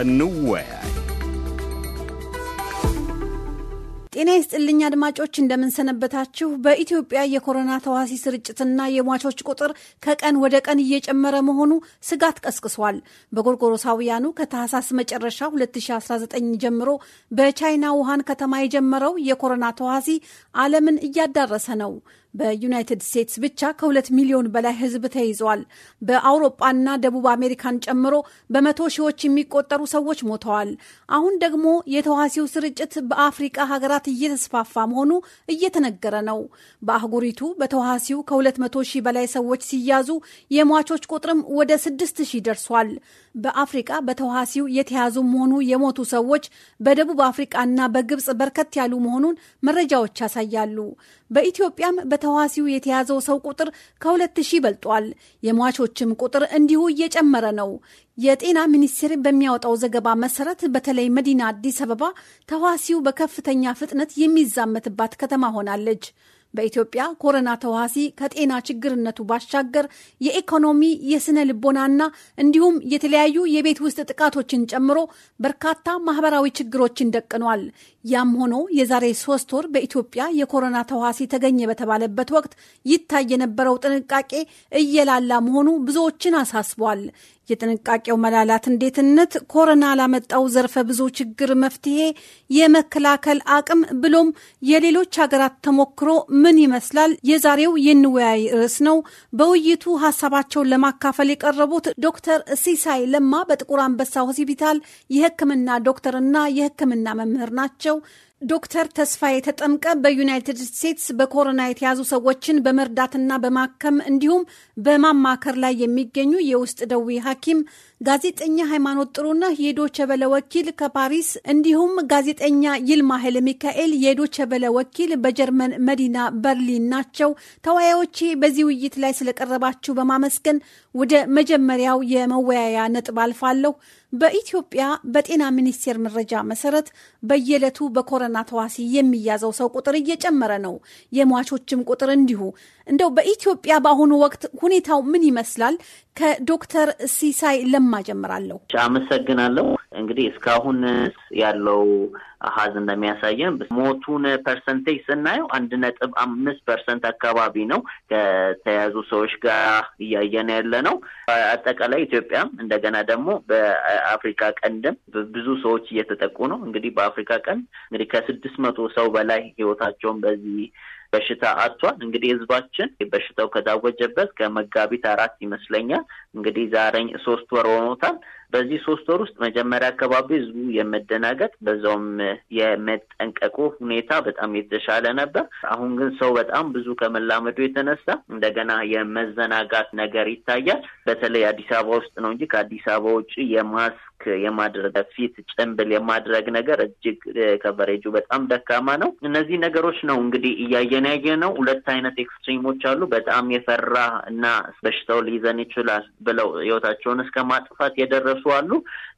እንወያይ። ጤና ይስጥልኝ አድማጮች፣ እንደምንሰነበታችሁ። በኢትዮጵያ የኮሮና ተዋሲ ስርጭትና የሟቾች ቁጥር ከቀን ወደ ቀን እየጨመረ መሆኑ ስጋት ቀስቅሷል። በጎርጎሮሳውያኑ ከታህሳስ መጨረሻ 2019 ጀምሮ በቻይና ውሃን ከተማ የጀመረው የኮሮና ተዋሲ ዓለምን እያዳረሰ ነው። በዩናይትድ ስቴትስ ብቻ ከሁለት ሚሊዮን በላይ ህዝብ ተይዘዋል። በአውሮጳና ደቡብ አሜሪካን ጨምሮ በመቶ ሺዎች የሚቆጠሩ ሰዎች ሞተዋል። አሁን ደግሞ የተዋሲው ስርጭት በአፍሪቃ ሀገራት እየተስፋፋ መሆኑ እየተነገረ ነው። በአህጉሪቱ በተዋሲው ከ200 ሺህ በላይ ሰዎች ሲያዙ የሟቾች ቁጥርም ወደ 6 ሺህ ደርሷል። በአፍሪቃ በተዋሲው የተያዙ መሆኑ የሞቱ ሰዎች በደቡብ አፍሪቃና በግብፅ በርከት ያሉ መሆኑን መረጃዎች ያሳያሉ። በኢትዮጵያም በተዋሲው የተያዘው ሰው ቁጥር ከሁለት ሺህ በልጧል። የሟቾችም ቁጥር እንዲሁ እየጨመረ ነው። የጤና ሚኒስቴር በሚያወጣው ዘገባ መሰረት በተለይ መዲና አዲስ አበባ ተዋሲው በከፍተኛ ፍጥነት የሚዛመትባት ከተማ ሆናለች። በኢትዮጵያ ኮሮና ተዋሲ ከጤና ችግርነቱ ባሻገር የኢኮኖሚ የስነ ልቦናና እንዲሁም የተለያዩ የቤት ውስጥ ጥቃቶችን ጨምሮ በርካታ ማህበራዊ ችግሮችን ደቅኗል። ያም ሆኖ የዛሬ ሶስት ወር በኢትዮጵያ የኮሮና ተዋሲ ተገኘ በተባለበት ወቅት ይታይ የነበረው ጥንቃቄ እየላላ መሆኑ ብዙዎችን አሳስቧል። የጥንቃቄው መላላት እንዴትነት ኮሮና ላመጣው ዘርፈ ብዙ ችግር መፍትሄ፣ የመከላከል አቅም ብሎም የሌሎች ሀገራት ተሞክሮ ምን ይመስላል? የዛሬው የንወያይ ርዕስ ነው። በውይይቱ ሀሳባቸውን ለማካፈል የቀረቡት ዶክተር ሲሳይ ለማ በጥቁር አንበሳ ሆስፒታል የሕክምና ዶክተርና የሕክምና መምህር ናቸው። ዶክተር ተስፋዬ ተጠምቀ በዩናይትድ ስቴትስ በኮሮና የተያዙ ሰዎችን በመርዳትና በማከም እንዲሁም በማማከር ላይ የሚገኙ የውስጥ ደዌ ሐኪም ጋዜጠኛ ሃይማኖት ጥሩና የዶቸበለ ወኪል ከፓሪስ እንዲሁም ጋዜጠኛ ይልማ ኃይለ ሚካኤል የዶቸበለ ወኪል በጀርመን መዲና በርሊን ናቸው። ተወያዮቼ በዚህ ውይይት ላይ ስለቀረባችሁ በማመስገን ወደ መጀመሪያው የመወያያ ነጥብ አልፋለሁ። በኢትዮጵያ በጤና ሚኒስቴር መረጃ መሰረት በየዕለቱ በኮረና ተዋሲ የሚያዘው ሰው ቁጥር እየጨመረ ነው። የሟቾችም ቁጥር እንዲሁ። እንደው በኢትዮጵያ በአሁኑ ወቅት ሁኔታው ምን ይመስላል? ከዶክተር ሲሳይ ለማ ከአማ ጀምራለሁ። አመሰግናለሁ። እንግዲህ እስካሁን ያለው አሀዝ እንደሚያሳየን ሞቱን ፐርሰንቴጅ ስናየው አንድ ነጥብ አምስት ፐርሰንት አካባቢ ነው ከተያዙ ሰዎች ጋር እያየን ያለ ነው። አጠቃላይ ኢትዮጵያም እንደገና ደግሞ በአፍሪካ ቀንድም ብዙ ሰዎች እየተጠቁ ነው። እንግዲህ በአፍሪካ ቀንድ እንግዲህ ከስድስት መቶ ሰው በላይ ህይወታቸውን በዚህ በሽታ አጥቷል። እንግዲህ ህዝባችን በሽታው ከታወጀበት ከመጋቢት አራት ይመስለኛል እንግዲህ ዛሬ ሶስት ወር ሆኖታል። በዚህ ሶስት ወር ውስጥ መጀመሪያ አካባቢ ህዝቡ የመደናገጥ በዛውም የመጠንቀቁ ሁኔታ በጣም የተሻለ ነበር። አሁን ግን ሰው በጣም ብዙ ከመላመዱ የተነሳ እንደገና የመዘናጋት ነገር ይታያል። በተለይ አዲስ አበባ ውስጥ ነው እንጂ ከአዲስ አበባ ውጭ የማስክ የማድረግ ፊት ጭንብል የማድረግ ነገር እጅግ ከቨሬጁ በጣም ደካማ ነው። እነዚህ ነገሮች ነው እንግዲህ እያየን ያየ ነው። ሁለት አይነት ኤክስትሪሞች አሉ። በጣም የፈራ እና በሽታው ሊይዘን ይችላል ብለው ህይወታቸውን እስከ ማጥፋት የደረሱ የሚያነሱ አሉ።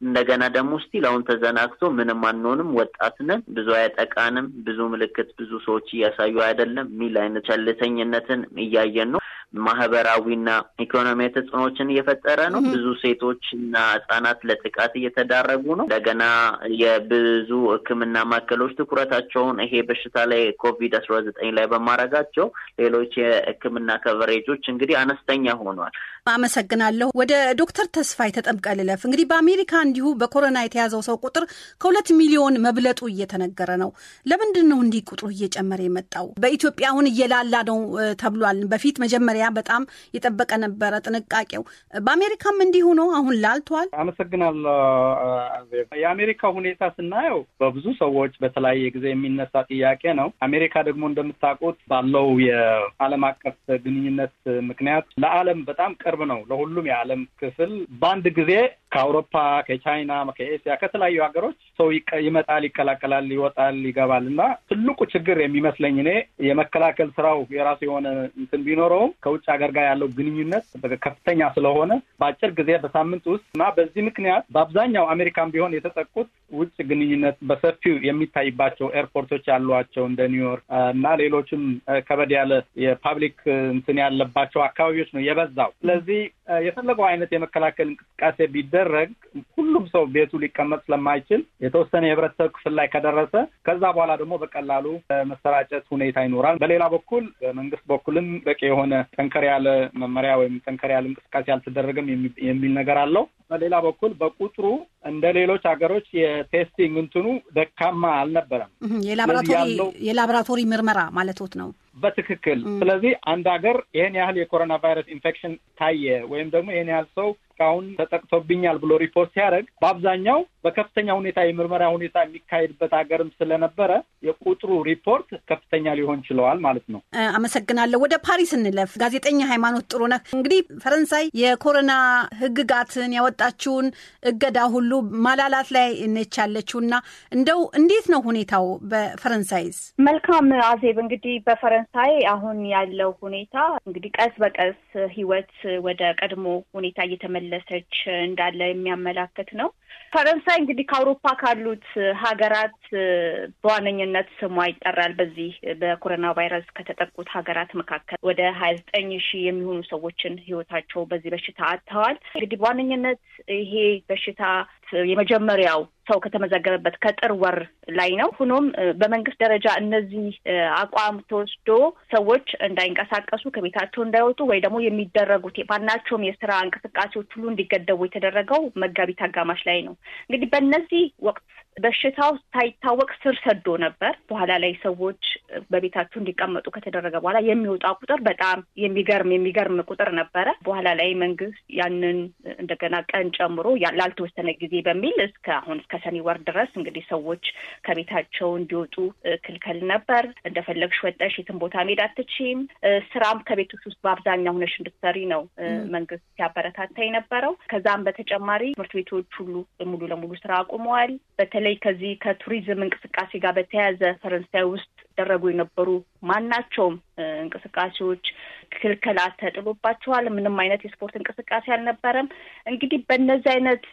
እንደገና ደግሞ ስቲል አሁን ተዘናግቶ ምንም አንሆንም፣ ወጣት ነን፣ ብዙ አያጠቃንም፣ ብዙ ምልክት ብዙ ሰዎች እያሳዩ አይደለም የሚል አይነት ቸልተኝነትን እያየን ነው። ማህበራዊና ኢኮኖሚያዊ ተጽዕኖዎችን እየፈጠረ ነው። ብዙ ሴቶች ህጻናት ለጥቃት እየተዳረጉ ነው። እንደገና የብዙ ሕክምና ማዕከሎች ትኩረታቸውን ይሄ በሽታ ላይ ኮቪድ አስራ ዘጠኝ ላይ በማድረጋቸው ሌሎች የሕክምና ከቨሬጆች እንግዲህ አነስተኛ ሆኗል። አመሰግናለሁ። ወደ ዶክተር ተስፋ ተጠምቀ ልለፍ። እንግዲህ በአሜሪካ እንዲሁ በኮሮና የተያዘው ሰው ቁጥር ከሁለት ሚሊዮን መብለጡ እየተነገረ ነው። ለምንድን ነው እንዲህ ቁጥሩ እየጨመረ የመጣው? በኢትዮጵያ አሁን እየላላ ነው ተብሏል። በፊት መጀመሪያ መመሪያ በጣም የጠበቀ ነበረ ጥንቃቄው። በአሜሪካም እንዲሁ ነው። አሁን ላልቷል። አመሰግናለሁ። የአሜሪካ ሁኔታ ስናየው በብዙ ሰዎች በተለያየ ጊዜ የሚነሳ ጥያቄ ነው። አሜሪካ ደግሞ እንደምታውቁት ባለው የዓለም አቀፍ ግንኙነት ምክንያት ለዓለም በጣም ቅርብ ነው። ለሁሉም የዓለም ክፍል በአንድ ጊዜ ከአውሮፓ፣ ከቻይና፣ ከኤስያ ከተለያዩ ሀገሮች ሰው ይመጣል፣ ይቀላቀላል፣ ይወጣል፣ ይገባል እና ትልቁ ችግር የሚመስለኝ እኔ የመከላከል ስራው የራሱ የሆነ እንትን ቢኖረውም ከውጭ ሀገር ጋር ያለው ግንኙነት ከፍተኛ ስለሆነ በአጭር ጊዜ በሳምንት ውስጥ እና በዚህ ምክንያት በአብዛኛው አሜሪካን ቢሆን የተጠቁት ውጭ ግንኙነት በሰፊው የሚታይባቸው ኤርፖርቶች ያሏቸው እንደ ኒውዮርክ እና ሌሎችም ከበድ ያለ የፓብሊክ እንትን ያለባቸው አካባቢዎች ነው የበዛው። ስለዚህ የፈለገው አይነት የመከላከል እንቅስቃሴ ቢደረግ ሁሉም ሰው ቤቱ ሊቀመጥ ስለማይችል የተወሰነ የህብረተሰብ ክፍል ላይ ከደረሰ ከዛ በኋላ ደግሞ በቀላሉ መሰራጨት ሁኔታ ይኖራል። በሌላ በኩል በመንግስት በኩልም በቂ የሆነ ጠንከር ያለ መመሪያ ወይም ጠንከር ያለ እንቅስቃሴ አልተደረገም የሚል ነገር አለው። በሌላ በኩል በቁጥሩ እንደ ሌሎች ሀገሮች የቴስቲንግ እንትኑ ደካማ አልነበረም። የላቦራቶሪ ምርመራ ማለቶት ነው በትክክል። ስለዚህ አንድ ሀገር ይህን ያህል የኮሮና ቫይረስ ኢንፌክሽን ታየ ወይም ደግሞ ይህን ያህል ሰው እስካሁን ተጠቅቶብኛል ብሎ ሪፖርት ሲያደርግ በአብዛኛው በከፍተኛ ሁኔታ የምርመራ ሁኔታ የሚካሄድበት ሀገርም ስለነበረ የቁጥሩ ሪፖርት ከፍተኛ ሊሆን ችለዋል ማለት ነው። አመሰግናለሁ። ወደ ፓሪስ እንለፍ። ጋዜጠኛ ሃይማኖት ጥሩነህ እንግዲህ ፈረንሳይ የኮሮና ህግጋትን ያወ የሰጣችውን እገዳ ሁሉ ማላላት ላይ ነች ያለችው እና እንደው እንዴት ነው ሁኔታው በፈረንሳይስ? መልካም አዜብ፣ እንግዲህ በፈረንሳይ አሁን ያለው ሁኔታ እንግዲህ ቀስ በቀስ ህይወት ወደ ቀድሞ ሁኔታ እየተመለሰች እንዳለ የሚያመላክት ነው። ፈረንሳይ እንግዲህ ከአውሮፓ ካሉት ሀገራት በዋነኝነት ስሟ ይጠራል። በዚህ በኮሮና ቫይረስ ከተጠቁት ሀገራት መካከል ወደ ሀያ ዘጠኝ ሺህ የሚሆኑ ሰዎችን ህይወታቸው በዚህ በሽታ አጥተዋል። እንግዲህ በዋነኝነት ይሄ በሽታ የመጀመሪያው ሰው ከተመዘገበበት ከጥር ወር ላይ ነው። ሆኖም በመንግስት ደረጃ እነዚህ አቋም ተወስዶ ሰዎች እንዳይንቀሳቀሱ ከቤታቸው እንዳይወጡ ወይ ደግሞ የሚደረጉት ማናቸውም የስራ እንቅስቃሴዎች ሁሉ እንዲገደቡ የተደረገው መጋቢት አጋማሽ ላይ ነው። እንግዲህ በእነዚህ ወቅት በሽታው ሳይታወቅ ስር ሰዶ ነበር። በኋላ ላይ ሰዎች በቤታቸው እንዲቀመጡ ከተደረገ በኋላ የሚወጣ ቁጥር በጣም የሚገርም የሚገርም ቁጥር ነበረ። በኋላ ላይ መንግስት ያንን እንደገና ቀን ጨምሮ ላልተወሰነ ጊዜ በሚል እስከ አሁን እስከ ሰኔ ወር ድረስ እንግዲህ ሰዎች ከቤታቸው እንዲወጡ ክልከል ነበር። እንደፈለግሽ ወጠሽ የትም ቦታ መሄድ አትችም። ስራም ከቤቶች ውስጥ በአብዛኛው ሆነሽ እንድትሰሪ ነው መንግስት ሲያበረታታ የነበረው። ከዛም በተጨማሪ ትምህርት ቤቶች ሁሉ ሙሉ ለሙሉ ስራ አቁመዋል። በተለ በተለይ ከዚህ ከቱሪዝም እንቅስቃሴ ጋር በተያያዘ ፈረንሳይ ውስጥ ደረጉ የነበሩ ማናቸውም እንቅስቃሴዎች ክልከላ ተጥሎባቸዋል። ምንም አይነት የስፖርት እንቅስቃሴ አልነበረም። እንግዲህ በእነዚህ አይነት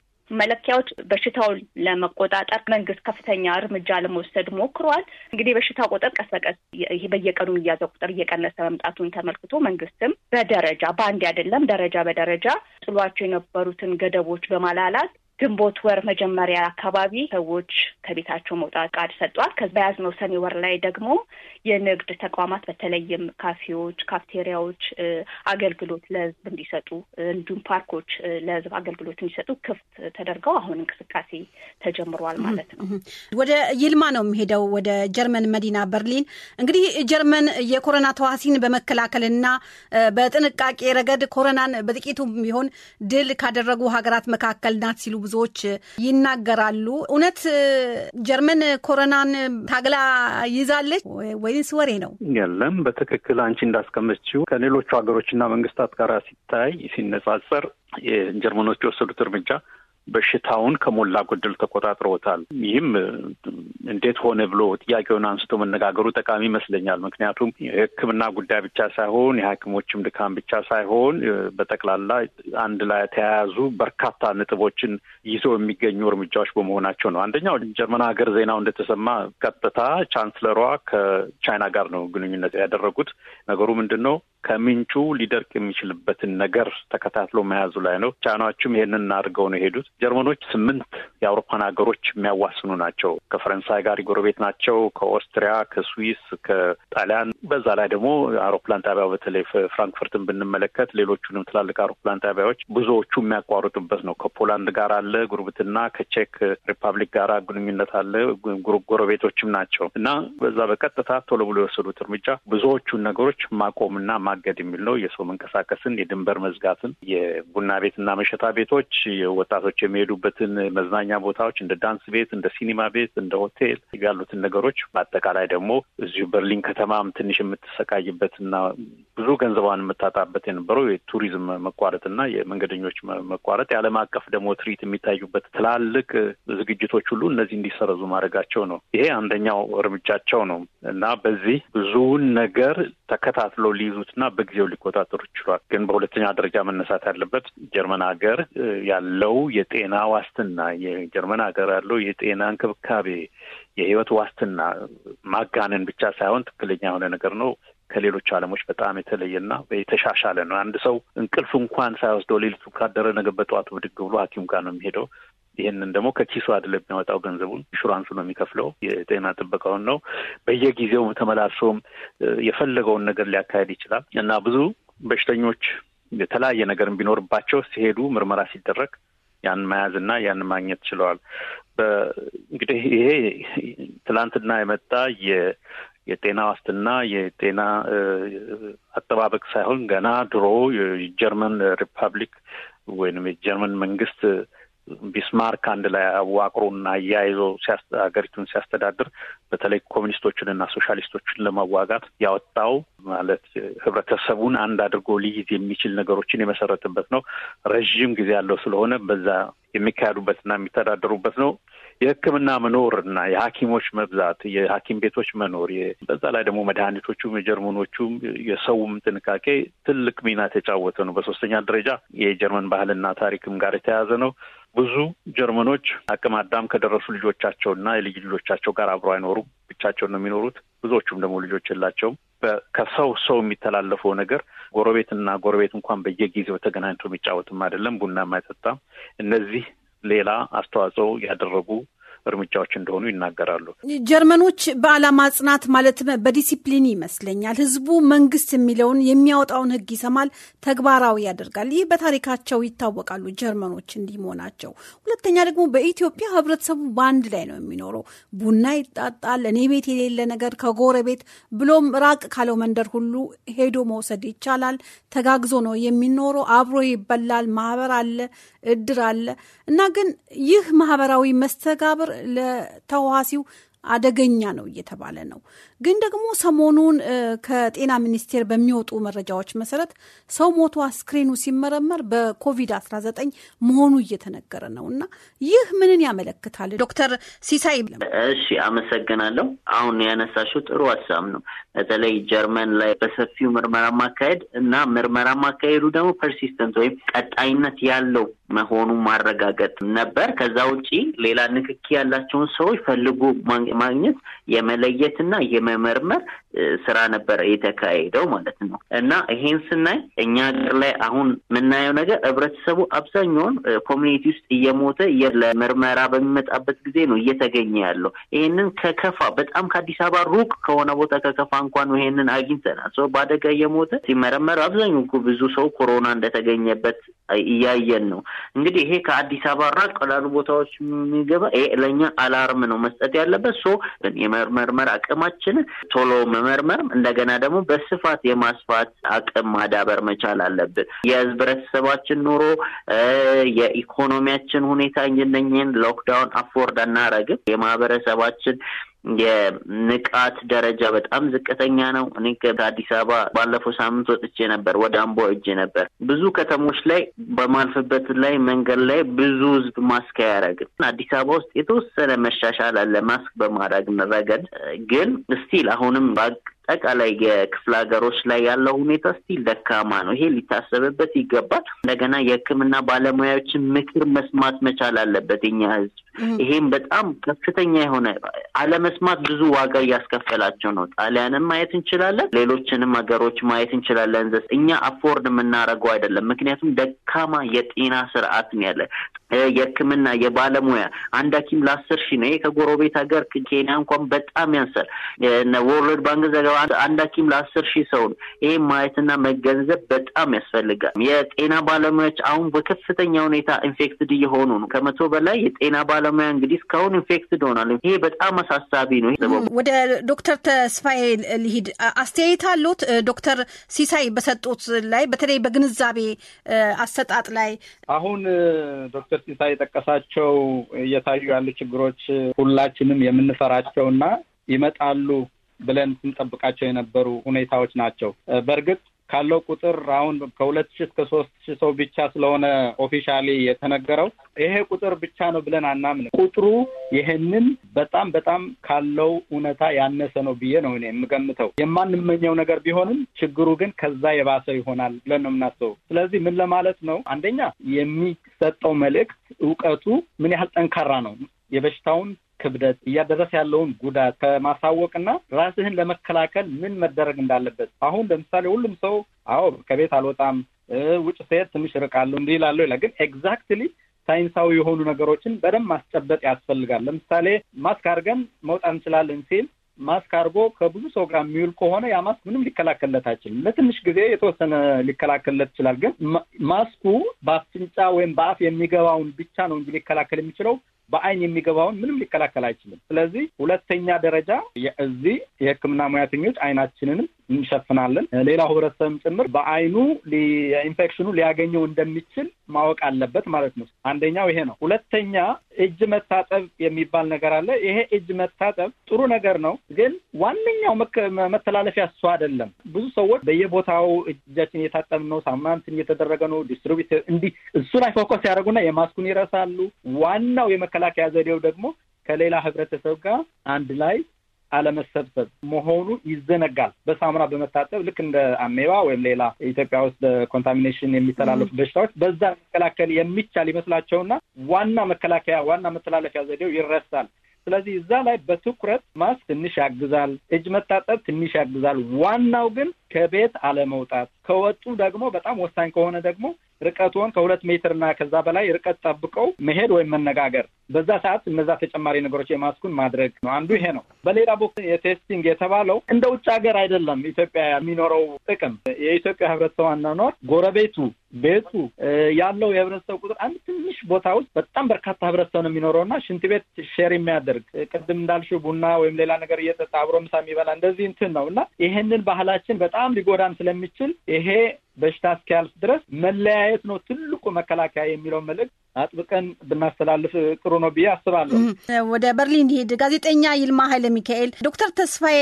መለኪያዎች በሽታውን ለመቆጣጠር መንግስት ከፍተኛ እርምጃ ለመውሰድ ሞክሯል። እንግዲህ በሽታ ቁጥር ቀስ በቀስ ይሄ በየቀኑ እያዘ ቁጥር እየቀነሰ መምጣቱን ተመልክቶ መንግስትም በደረጃ በአንድ አይደለም ደረጃ በደረጃ ጥሏቸው የነበሩትን ገደቦች በማላላት ግንቦት ወር መጀመሪያ አካባቢ ሰዎች ከቤታቸው መውጣት ቃድ ሰጧል። በያዝነው ሰኔ ወር ላይ ደግሞ የንግድ ተቋማት በተለይም ካፌዎች፣ ካፍቴሪያዎች አገልግሎት ለህዝብ እንዲሰጡ እንዲሁም ፓርኮች ለህዝብ አገልግሎት እንዲሰጡ ክፍት ተደርገው አሁን እንቅስቃሴ ተጀምሯል ማለት ነው። ወደ ይልማ ነው የሚሄደው ወደ ጀርመን መዲና በርሊን። እንግዲህ ጀርመን የኮሮና ተዋሲን በመከላከልና በጥንቃቄ ረገድ ኮሮናን በጥቂቱም ቢሆን ድል ካደረጉ ሀገራት መካከል ናት ሲሉ ብዙዎች ይናገራሉ። እውነት ጀርመን ኮረናን ታግላ ይዛለች ወይስ ወሬ ነው? የለም፣ በትክክል አንቺ እንዳስቀመችው ከሌሎቹ ሀገሮችና መንግስታት ጋር ሲታይ ሲነጻጸር የጀርመኖች የወሰዱት እርምጃ በሽታውን ከሞላ ጎደል ተቆጣጥረውታል። ይህም እንዴት ሆነ ብሎ ጥያቄውን አንስቶ መነጋገሩ ጠቃሚ ይመስለኛል። ምክንያቱም የሕክምና ጉዳይ ብቻ ሳይሆን የሐኪሞችም ድካም ብቻ ሳይሆን በጠቅላላ አንድ ላይ ተያያዙ በርካታ ንጥቦችን ይዘው የሚገኙ እርምጃዎች በመሆናቸው ነው። አንደኛው ጀርመን ሀገር ዜናው እንደተሰማ ቀጥታ ቻንስለሯ ከቻይና ጋር ነው ግንኙነት ያደረጉት። ነገሩ ምንድን ነው? ከምንጩ ሊደርቅ የሚችልበትን ነገር ተከታትሎ መያዙ ላይ ነው። ቻይናዎችም ይህንን አድርገው ነው የሄዱት። ጀርመኖች ስምንት የአውሮፓን ሀገሮች የሚያዋስኑ ናቸው። ከፈረንሳይ ጋር ጎረቤት ናቸው። ከኦስትሪያ፣ ከስዊስ፣ ከጣሊያን በዛ ላይ ደግሞ አውሮፕላን ጣቢያ በተለይ ፍራንክፈርትን ብንመለከት ሌሎቹንም ትላልቅ አውሮፕላን ጣቢያዎች ብዙዎቹ የሚያቋርጡበት ነው። ከፖላንድ ጋር አለ ጉርብትና፣ ከቼክ ሪፐብሊክ ጋር ግንኙነት አለ። ጎረቤቶችም ናቸው እና በዛ በቀጥታ ቶሎ ብሎ የወሰዱት እርምጃ ብዙዎቹን ነገሮች ማቆምና ማገድ የሚል ነው። የሰው መንቀሳቀስን፣ የድንበር መዝጋትን፣ የቡና ቤትና መሸታ ቤቶች፣ ወጣቶች የሚሄዱበትን መዝናኛ ቦታዎች እንደ ዳንስ ቤት፣ እንደ ሲኒማ ቤት፣ እንደ ሆቴል ያሉትን ነገሮች በአጠቃላይ ደግሞ እዚሁ በርሊን ከተማም ትንሽ የምትሰቃይበትና ብዙ ገንዘቧን የምታጣበት የነበረው የቱሪዝም መቋረጥና የመንገደኞች መቋረጥ የዓለም አቀፍ ደግሞ ትርኢት የሚታዩበት ትላልቅ ዝግጅቶች ሁሉ እነዚህ እንዲሰረዙ ማድረጋቸው ነው። ይሄ አንደኛው እርምጃቸው ነው እና በዚህ ብዙውን ነገር ተከታትለው ሊይዙት እና በጊዜው ሊቆጣጠሩ ችሏል። ግን በሁለተኛ ደረጃ መነሳት ያለበት ጀርመን ሀገር ያለው የጤና ዋስትና የጀርመን ሀገር ያለው የጤና እንክብካቤ የህይወት ዋስትና ማጋነን ብቻ ሳይሆን ትክክለኛ የሆነ ነገር ነው። ከሌሎች ዓለሞች በጣም የተለየና የተሻሻለ ነው። አንድ ሰው እንቅልፍ እንኳን ሳይወስደው ሌሊቱ ካደረ ነገ በጠዋቱ ብድግ ብሎ ሐኪም ጋር ነው የሚሄደው። ይህንን ደግሞ ከኪሱ አድለ የሚያወጣው ገንዘቡን ኢንሹራንሱ ነው የሚከፍለው፣ የጤና ጥበቃውን ነው። በየጊዜው ተመላልሶም የፈለገውን ነገር ሊያካሄድ ይችላል እና ብዙ በሽተኞች የተለያየ ነገር ቢኖርባቸው ሲሄዱ ምርመራ ሲደረግ ያን መያዝ እና ያን ማግኘት ችለዋል። እንግዲህ ይሄ ትላንትና የመጣ የጤና ዋስትና የጤና አጠባበቅ ሳይሆን ገና ድሮ የጀርመን ሪፐብሊክ ወይንም የጀርመን መንግስት ቢስማርክ አንድ ላይ አዋቅሮና አያይዞ ሀገሪቱን ሲያስተዳድር በተለይ ኮሚኒስቶችንና ሶሻሊስቶችን ለመዋጋት ያወጣው ማለት ህብረተሰቡን አንድ አድርጎ ሊይዝ የሚችል ነገሮችን የመሰረተበት ነው። ረዥም ጊዜ ያለው ስለሆነ በዛ የሚካሄዱበትና የሚተዳደሩበት ነው። የሕክምና መኖር እና የሐኪሞች መብዛት፣ የሐኪም ቤቶች መኖር፣ በዛ ላይ ደግሞ መድኃኒቶቹም የጀርመኖቹም የሰውም ጥንቃቄ ትልቅ ሚና የተጫወተ ነው። በሶስተኛ ደረጃ የጀርመን ባህልና ታሪክም ጋር የተያያዘ ነው። ብዙ ጀርመኖች አቅመ አዳም ከደረሱ ልጆቻቸውና የልጅ ልጆቻቸው ጋር አብሮ አይኖሩም፣ ብቻቸውን ነው የሚኖሩት። ብዙዎቹም ደግሞ ልጆች የላቸውም። ከሰው ሰው የሚተላለፈው ነገር ጎረቤትና ጎረቤት እንኳን በየጊዜው ተገናኝቶ የሚጫወትም አይደለም፣ ቡናም የማይጠጣም። እነዚህ ሌላ አስተዋጽኦ ያደረጉ እርምጃዎች እንደሆኑ ይናገራሉ። ጀርመኖች በዓላማ ጽናት ማለት በዲሲፕሊን ይመስለኛል። ህዝቡ መንግስት የሚለውን የሚያወጣውን ህግ ይሰማል፣ ተግባራዊ ያደርጋል። ይህ በታሪካቸው ይታወቃሉ ጀርመኖች እንዲህ መሆናቸው። ሁለተኛ ደግሞ በኢትዮጵያ ህብረተሰቡ በአንድ ላይ ነው የሚኖረው። ቡና ይጣጣል፣ እኔ ቤት የሌለ ነገር ከጎረቤት ብሎም ራቅ ካለው መንደር ሁሉ ሄዶ መውሰድ ይቻላል። ተጋግዞ ነው የሚኖረው። አብሮ ይበላል። ማህበር አለ፣ እድር አለ እና ግን ይህ ማህበራዊ መስተጋብር ለተዋሲው አደገኛ ነው እየተባለ ነው። ግን ደግሞ ሰሞኑን ከጤና ሚኒስቴር በሚወጡ መረጃዎች መሰረት ሰው ሞቶ አስክሬኑ ሲመረመር በኮቪድ-19 መሆኑ እየተነገረ ነው እና ይህ ምንን ያመለክታል? ዶክተር ሲሳይ እሺ፣ አመሰግናለሁ። አሁን ያነሳሽው ጥሩ ሀሳብ ነው። በተለይ ጀርመን ላይ በሰፊው ምርመራ ማካሄድ እና ምርመራ ማካሄዱ ደግሞ ፐርሲስተንት ወይም ቀጣይነት ያለው መሆኑ ማረጋገጥ ነበር። ከዛ ውጪ ሌላ ንክኪ ያላቸውን ሰዎች ፈልጉ የማግኘት የመለየትና የመመርመር ስራ ነበረ የተካሄደው ማለት ነው። እና ይሄን ስናይ እኛ ሀገር ላይ አሁን የምናየው ነገር ህብረተሰቡ አብዛኛውን ኮሚኒቲ ውስጥ እየሞተ ለምርመራ በሚመጣበት ጊዜ ነው እየተገኘ ያለው። ይሄንን ከከፋ በጣም ከአዲስ አበባ ሩቅ ከሆነ ቦታ ከከፋ እንኳን ይሄንን አግኝተናል። ሰው በአደጋ እየሞተ ሲመረመር አብዛኛው ብዙ ሰው ኮሮና እንደተገኘበት እያየን ነው። እንግዲህ ይሄ ከአዲስ አበባ ራቅ ላሉ ቦታዎች የሚገባ ይሄ ለእኛ አላርም ነው መስጠት ያለበት። ደርሶ የመመርመር አቅማችንን ቶሎ መመርመር እንደገና ደግሞ በስፋት የማስፋት አቅም ማዳበር መቻል አለብን። የህብረተሰባችን ኑሮ፣ የኢኮኖሚያችን ሁኔታ እነኝህን ሎክዳውን አፎርድ አናረግም። የማህበረሰባችን የንቃት ደረጃ በጣም ዝቅተኛ ነው። እኔ ከአዲስ አበባ ባለፈው ሳምንት ወጥቼ ነበር፣ ወደ አምቦ እጄ ነበር። ብዙ ከተሞች ላይ በማልፍበት ላይ መንገድ ላይ ብዙ ህዝብ ማስክ አያረግም። አዲስ አበባ ውስጥ የተወሰነ መሻሻል አለ ማስክ በማድረግ ረገድ፣ ግን ስቲል አሁንም አጠቃላይ የክፍለ ሀገሮች ላይ ያለው ሁኔታ ስቲል ደካማ ነው። ይሄ ሊታሰብበት ይገባል። እንደገና የሕክምና ባለሙያዎችን ምክር መስማት መቻል አለበት የኛ ሕዝብ። ይሄም በጣም ከፍተኛ የሆነ አለመስማት ብዙ ዋጋ እያስከፈላቸው ነው። ጣሊያንን ማየት እንችላለን፣ ሌሎችንም ሀገሮች ማየት እንችላለን። እኛ አፎርድ የምናደርገው አይደለም። ምክንያቱም ደካማ የጤና ስርዓት ነው ያለ የሕክምና የባለሙያ አንድ ሐኪም ለአስር ሺ ነው። ይሄ ከጎረቤት ሀገር ኬንያ እንኳን በጣም ያንሳል። ወርልድ ባንክ ዘጋ የሚችለው አንድ ሐኪም ለአስር ሺህ ሰው ነው። ማየትና መገንዘብ በጣም ያስፈልጋል። የጤና ባለሙያዎች አሁን በከፍተኛ ሁኔታ ኢንፌክትድ እየሆኑ ነው። ከመቶ በላይ የጤና ባለሙያ እንግዲህ እስካሁን ኢንፌክትድ ሆናል። ይሄ በጣም አሳሳቢ ነው። ወደ ዶክተር ተስፋዬ ልሂድ። አስተያየት አሉት ዶክተር ሲሳይ በሰጡት ላይ በተለይ በግንዛቤ አሰጣጥ ላይ አሁን ዶክተር ሲሳይ የጠቀሳቸው እየታዩ ያሉ ችግሮች ሁላችንም የምንፈራቸውና ይመጣሉ ብለን ስንጠብቃቸው የነበሩ ሁኔታዎች ናቸው። በእርግጥ ካለው ቁጥር አሁን ከሁለት ሺ እስከ ሶስት ሺ ሰው ብቻ ስለሆነ ኦፊሻሊ የተነገረው ይሄ ቁጥር ብቻ ነው ብለን አናምን ቁጥሩ ይህንን በጣም በጣም ካለው እውነታ ያነሰ ነው ብዬ ነው እኔ የምገምተው። የማንመኘው ነገር ቢሆንም ችግሩ ግን ከዛ የባሰ ይሆናል ብለን ነው የምናስበው። ስለዚህ ምን ለማለት ነው፣ አንደኛ የሚሰጠው መልእክት እውቀቱ ምን ያህል ጠንካራ ነው የበሽታውን ክብደት እያደረሰ ያለውን ጉዳት ከማሳወቅና ራስህን ለመከላከል ምን መደረግ እንዳለበት አሁን ለምሳሌ ሁሉም ሰው አዎ ከቤት አልወጣም፣ ውጭ ሴት ትንሽ እርቃለሁ፣ እንዲህ እላለሁ ይላል። ግን ኤግዛክትሊ ሳይንሳዊ የሆኑ ነገሮችን በደንብ ማስጨበጥ ያስፈልጋል። ለምሳሌ ማስክ አድርገን መውጣት እንችላለን ሲል ማስክ አድርጎ ከብዙ ሰው ጋር የሚውል ከሆነ ያ ማስክ ምንም ሊከላከልለት አይችልም። ለትንሽ ጊዜ የተወሰነ ሊከላከልለት ይችላል። ግን ማስኩ በአፍንጫ ወይም በአፍ የሚገባውን ብቻ ነው እንጂ ሊከላከል የሚችለው በአይን የሚገባውን ምንም ሊከላከል አይችልም። ስለዚህ ሁለተኛ ደረጃ እዚህ የሕክምና ሙያተኞች አይናችንንም እንሸፍናለን። ሌላው ህብረተሰብም ጭምር በአይኑ ኢንፌክሽኑ ሊያገኘው እንደሚችል ማወቅ አለበት ማለት ነው። አንደኛው ይሄ ነው። ሁለተኛ እጅ መታጠብ የሚባል ነገር አለ። ይሄ እጅ መታጠብ ጥሩ ነገር ነው፣ ግን ዋነኛው መተላለፊያ እሱ አይደለም። ብዙ ሰዎች በየቦታው እጃችን እየታጠብን ነው፣ ሳማንትን እየተደረገ ነው፣ ዲስትሪቢት እንዲህ እሱ ላይ ፎከስ ያደርጉና የማስኩን ይረሳሉ። ዋናው የመከላከያ ዘዴው ደግሞ ከሌላ ህብረተሰብ ጋር አንድ ላይ አለመሰብሰብ መሆኑ ይዘነጋል። በሳሙና በመታጠብ ልክ እንደ አሜባ ወይም ሌላ ኢትዮጵያ ውስጥ በኮንታሚኔሽን የሚተላለፉ በሽታዎች በዛ መከላከል የሚቻል ይመስላቸውና ዋና መከላከያ ዋና መተላለፊያ ዘዴው ይረሳል። ስለዚህ እዛ ላይ በትኩረት ማስክ ትንሽ ያግዛል፣ እጅ መታጠብ ትንሽ ያግዛል። ዋናው ግን ከቤት አለመውጣት ከወጡ ደግሞ በጣም ወሳኝ ከሆነ ደግሞ ርቀቱን ከሁለት ሜትር እና ከዛ በላይ ርቀት ጠብቀው መሄድ ወይም መነጋገር፣ በዛ ሰዓት እነዛ ተጨማሪ ነገሮች የማስኩን ማድረግ ነው። አንዱ ይሄ ነው። በሌላ በኩል የቴስቲንግ የተባለው እንደ ውጭ ሀገር አይደለም ኢትዮጵያ የሚኖረው ጥቅም የኢትዮጵያ ህብረተሰብ አኗኗር ጎረቤቱ ቤቱ ያለው የህብረተሰብ ቁጥር አንድ ትንሽ ቦታ ውስጥ በጣም በርካታ ህብረተሰብ ነው የሚኖረው እና ሽንት ቤት ሼር የሚያደርግ ቅድም እንዳልሽው ቡና ወይም ሌላ ነገር እየጠጣ አብሮ ምሳ የሚበላ እንደዚህ እንትን ነው እና ይሄንን ባህላችን በጣም ሊጎዳን ስለሚችል ይሄ በሽታ እስኪያልፍ ድረስ መለያየት ነው ትልቁ መከላከያ የሚለው መልእክት አጥብቀን ብናስተላልፍ ጥሩ ነው ብዬ አስባለሁ። ወደ በርሊን ሄድ ጋዜጠኛ ይልማ ኃይለ ሚካኤል፣ ዶክተር ተስፋዬ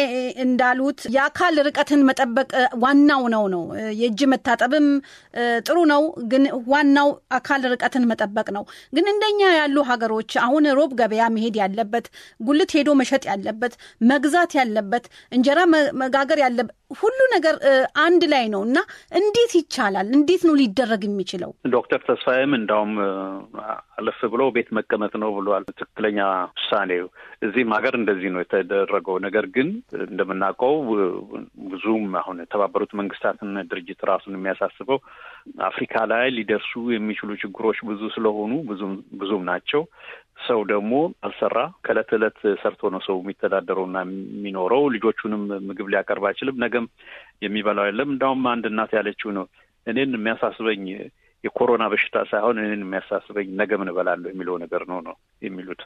እንዳሉት የአካል ርቀትን መጠበቅ ዋናው ነው ነው የእጅ መታጠብም ጥሩ ነው፣ ግን ዋናው አካል ርቀትን መጠበቅ ነው። ግን እንደኛ ያሉ ሀገሮች አሁን ሮብ ገበያ መሄድ ያለበት፣ ጉልት ሄዶ መሸጥ ያለበት፣ መግዛት ያለበት፣ እንጀራ መጋገር ያለበት ሁሉ ነገር አንድ ላይ ነው እና እንዴት ይቻላል? እንዴት ነው ሊደረግ የሚችለው? ዶክተር ተስፋዬም እንዳውም አለፍ ብሎ ቤት መቀመጥ ነው ብሏል። ትክክለኛ ውሳኔው እዚህም ሀገር እንደዚህ ነው የተደረገው። ነገር ግን እንደምናውቀው ብዙም አሁን የተባበሩት መንግስታትን ድርጅት ራሱን የሚያሳስበው አፍሪካ ላይ ሊደርሱ የሚችሉ ችግሮች ብዙ ስለሆኑ ብዙም ናቸው። ሰው ደግሞ አልሰራ ከእለት እለት ሰርቶ ነው ሰው የሚተዳደረውና የሚኖረው። ልጆቹንም ምግብ ሊያቀርብ አይችልም። ነገም የሚበላው የለም። እንዳውም አንድ እናት ያለችው ነው እኔን የሚያሳስበኝ የኮሮና በሽታ ሳይሆን እኔን የሚያሳስበኝ ነገ ምን እበላለሁ የሚለው ነገር ነው ነው የሚሉት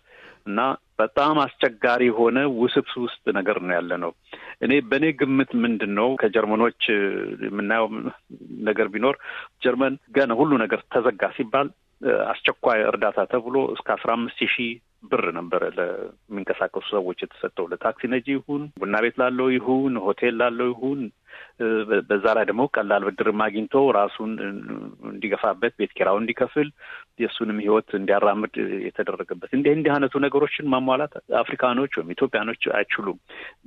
እና በጣም አስቸጋሪ የሆነ ውስብስ ውስጥ ነገር ነው ያለ ነው። እኔ በእኔ ግምት ምንድን ነው ከጀርመኖች የምናየው ነገር ቢኖር ጀርመን ገና ሁሉ ነገር ተዘጋ ሲባል አስቸኳይ እርዳታ ተብሎ እስከ አስራ አምስት ሺህ ብር ነበረ ለሚንቀሳቀሱ ሰዎች የተሰጠው ለታክሲ ነጂ ይሁን ቡና ቤት ላለው ይሁን ሆቴል ላለው ይሁን በዛ ላይ ደግሞ ቀላል ብድርም አግኝቶ ራሱን እንዲገፋበት ቤት ኪራው እንዲከፍል የእሱንም ህይወት እንዲያራምድ የተደረገበት እንዲህ እንዲህ አይነቱ ነገሮችን ማሟላት አፍሪካኖች ወይም ኢትዮጵያኖች አይችሉም።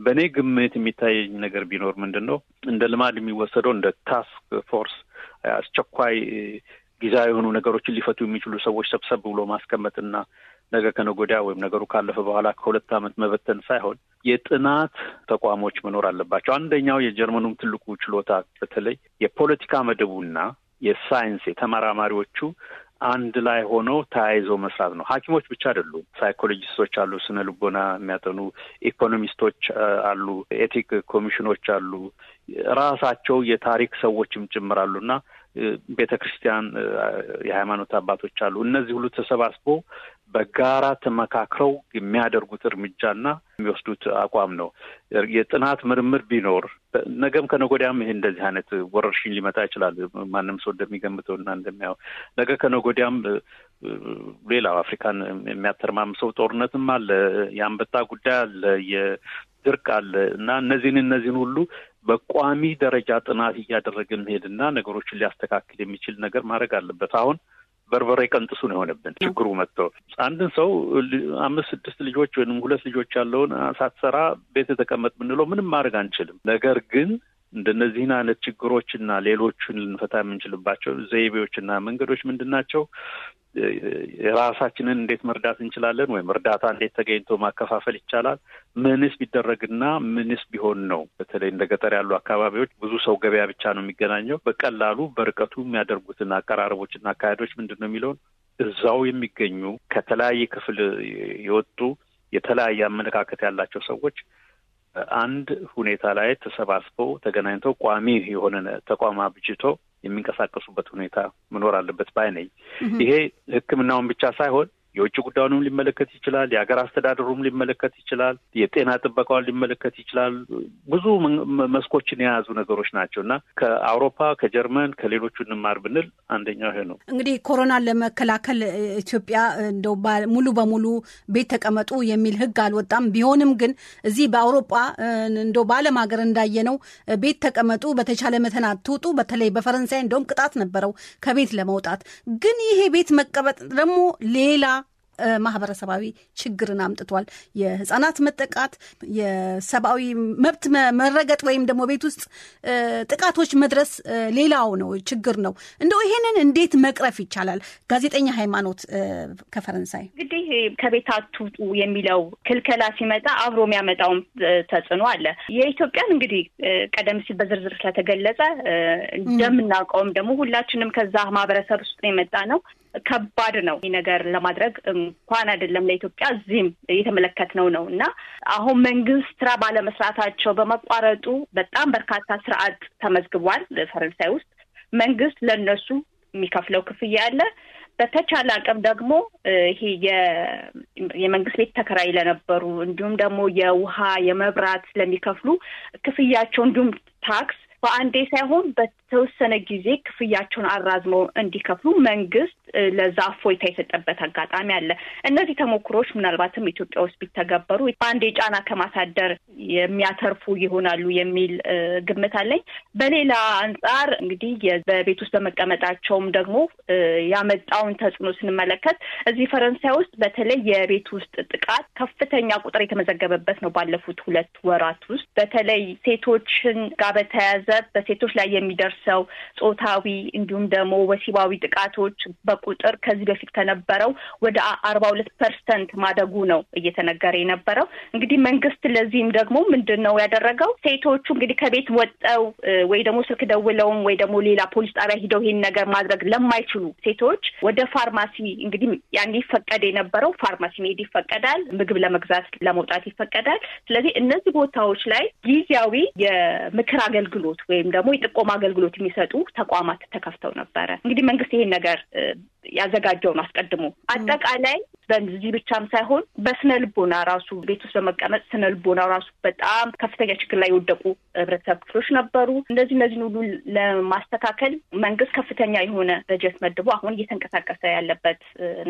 በእኔ ግምት የሚታየኝ ነገር ቢኖር ምንድን ነው እንደ ልማድ የሚወሰደው እንደ ታስክ ፎርስ አስቸኳይ ጊዜያዊ የሆኑ ነገሮችን ሊፈቱ የሚችሉ ሰዎች ሰብሰብ ብሎ ማስቀመጥና ነገ ከነገ ወዲያ ወይም ነገሩ ካለፈ በኋላ ከሁለት ዓመት መበተን ሳይሆን የጥናት ተቋሞች መኖር አለባቸው። አንደኛው የጀርመኑም ትልቁ ችሎታ በተለይ የፖለቲካ መደቡና የሳይንስ የተመራማሪዎቹ አንድ ላይ ሆኖ ተያይዞ መስራት ነው። ሐኪሞች ብቻ አይደሉም። ሳይኮሎጂስቶች አሉ፣ ስነ ልቦና የሚያጠኑ ኢኮኖሚስቶች አሉ፣ ኤቲክ ኮሚሽኖች አሉ፣ ራሳቸው የታሪክ ሰዎችም ጭምራሉ እና ቤተ ክርስቲያን የሃይማኖት አባቶች አሉ። እነዚህ ሁሉ ተሰባስቦ በጋራ ተመካክረው የሚያደርጉት እርምጃና የሚወስዱት አቋም ነው። የጥናት ምርምር ቢኖር ነገም ከነጎዲያም ይሄ እንደዚህ አይነት ወረርሽኝ ሊመጣ ይችላል። ማንም ሰው እንደሚገምተው እና እንደሚያው ነገ ከነጎዲያም ሌላው አፍሪካን የሚያተርማምሰው ጦርነትም አለ፣ የአንበጣ ጉዳይ አለ፣ የድርቅ አለ እና እነዚህን እነዚህን ሁሉ በቋሚ ደረጃ ጥናት እያደረገ መሄድና ነገሮችን ሊያስተካክል የሚችል ነገር ማድረግ አለበት። አሁን በርበሬ ቀንጥሱ የሆነብን ችግሩ መጥቶ አንድን ሰው አምስት ስድስት ልጆች ወይም ሁለት ልጆች ያለውን ሳትሰራ ቤት የተቀመጥ ምንለው ምንም ማድረግ አንችልም። ነገር ግን እንደነዚህን አይነት ችግሮችና ሌሎቹን ልንፈታ የምንችልባቸው ዘይቤዎችና መንገዶች ምንድን ናቸው? የራሳችንን እንዴት መርዳት እንችላለን? ወይም እርዳታ እንዴት ተገኝቶ ማከፋፈል ይቻላል? ምንስ ቢደረግና ምንስ ቢሆን ነው? በተለይ እንደ ገጠር ያሉ አካባቢዎች ብዙ ሰው ገበያ ብቻ ነው የሚገናኘው። በቀላሉ በርቀቱ የሚያደርጉትን አቀራረቦችና አካሄዶች ምንድን ነው የሚለውን እዛው የሚገኙ ከተለያየ ክፍል የወጡ የተለያየ አመለካከት ያላቸው ሰዎች አንድ ሁኔታ ላይ ተሰባስበው ተገናኝተው ቋሚ የሆነ ተቋም አብጅቶ የሚንቀሳቀሱበት ሁኔታ መኖር አለበት ባይ ነኝ። ይሄ ሕክምናውን ብቻ ሳይሆን የውጭ ጉዳዩንም ሊመለከት ይችላል። የሀገር አስተዳደሩም ሊመለከት ይችላል። የጤና ጥበቃውን ሊመለከት ይችላል። ብዙ መስኮችን የያዙ ነገሮች ናቸው እና ከአውሮፓ ከጀርመን ከሌሎቹ እንማር ብንል አንደኛው ይሄ ነው። እንግዲህ ኮሮናን ለመከላከል ኢትዮጵያ እንደው ሙሉ በሙሉ ቤት ተቀመጡ የሚል ህግ አልወጣም። ቢሆንም ግን እዚህ በአውሮፓ እንደው በዓለም ሀገር እንዳየነው ቤት ተቀመጡ፣ በተቻለ መተን አትውጡ። በተለይ በፈረንሳይ እንደውም ቅጣት ነበረው ከቤት ለመውጣት። ግን ይሄ ቤት መቀመጥ ደግሞ ሌላ ማህበረሰባዊ ችግርን አምጥቷል። የህጻናት መጠቃት፣ የሰብአዊ መብት መረገጥ ወይም ደግሞ ቤት ውስጥ ጥቃቶች መድረስ ሌላው ነው ችግር ነው። እንደው ይሄንን እንዴት መቅረፍ ይቻላል? ጋዜጠኛ ሃይማኖት ከፈረንሳይ እንግዲህ ከቤት አትውጡ የሚለው ክልከላ ሲመጣ አብሮ የሚያመጣውም ተጽዕኖ አለ። የኢትዮጵያን እንግዲህ ቀደም ሲል በዝርዝር ስለተገለጸ እንደምናውቀውም ደግሞ ሁላችንም ከዛ ማህበረሰብ ውስጥ የመጣ ነው ከባድ ነው ይህ ነገር ለማድረግ እንኳን አይደለም ለኢትዮጵያ እዚህም የተመለከትነው ነው እና አሁን መንግስት ስራ ባለመስራታቸው በመቋረጡ በጣም በርካታ ስርዓት ተመዝግቧል ፈረንሳይ ውስጥ። መንግስት ለእነሱ የሚከፍለው ክፍያ አለ። በተቻለ አቅም ደግሞ ይሄ የመንግስት ቤት ተከራይ ለነበሩ እንዲሁም ደግሞ የውሃ የመብራት ስለሚከፍሉ ክፍያቸው እንዲሁም ታክስ በአንዴ ሳይሆን ተወሰነ ጊዜ ክፍያቸውን አራዝመው እንዲከፍሉ መንግስት ለዛ እፎይታ የሰጠበት አጋጣሚ አለ። እነዚህ ተሞክሮች ምናልባትም ኢትዮጵያ ውስጥ ቢተገበሩ በአንድ የጫና ከማሳደር የሚያተርፉ ይሆናሉ የሚል ግምት አለኝ። በሌላ አንጻር እንግዲህ በቤት ውስጥ በመቀመጣቸውም ደግሞ ያመጣውን ተጽዕኖ ስንመለከት እዚህ ፈረንሳይ ውስጥ በተለይ የቤት ውስጥ ጥቃት ከፍተኛ ቁጥር የተመዘገበበት ነው። ባለፉት ሁለት ወራት ውስጥ በተለይ ሴቶችን ጋር በተያያዘ በሴቶች ላይ የሚደርስ የሚደርሰው ጾታዊ እንዲሁም ደግሞ ወሲባዊ ጥቃቶች በቁጥር ከዚህ በፊት ከነበረው ወደ አርባ ሁለት ፐርሰንት ማደጉ ነው እየተነገረ የነበረው። እንግዲህ መንግስት ለዚህም ደግሞ ምንድን ነው ያደረገው? ሴቶቹ እንግዲህ ከቤት ወጠው ወይ ደግሞ ስልክ ደውለውም ወይ ደግሞ ሌላ ፖሊስ ጣቢያ ሂደው ይህን ነገር ማድረግ ለማይችሉ ሴቶች ወደ ፋርማሲ እንግዲህ ያን ይፈቀድ የነበረው ፋርማሲ መሄድ ይፈቀዳል፣ ምግብ ለመግዛት ለመውጣት ይፈቀዳል። ስለዚህ እነዚህ ቦታዎች ላይ ጊዜያዊ የምክር አገልግሎት ወይም ደግሞ የጥቆማ አገልግሎት አገልግሎት የሚሰጡ ተቋማት ተከፍተው ነበረ። እንግዲህ መንግስት ይሄን ነገር ያዘጋጀውን አስቀድሞ አጠቃላይ በዚህ ብቻም ሳይሆን በስነ ልቦና ራሱ ቤት ውስጥ በመቀመጥ ስነ ልቦና ራሱ በጣም ከፍተኛ ችግር ላይ የወደቁ ህብረተሰብ ክፍሎች ነበሩ። እንደዚህ እነዚህን ሁሉ ለማስተካከል መንግስት ከፍተኛ የሆነ በጀት መድቦ አሁን እየተንቀሳቀሰ ያለበት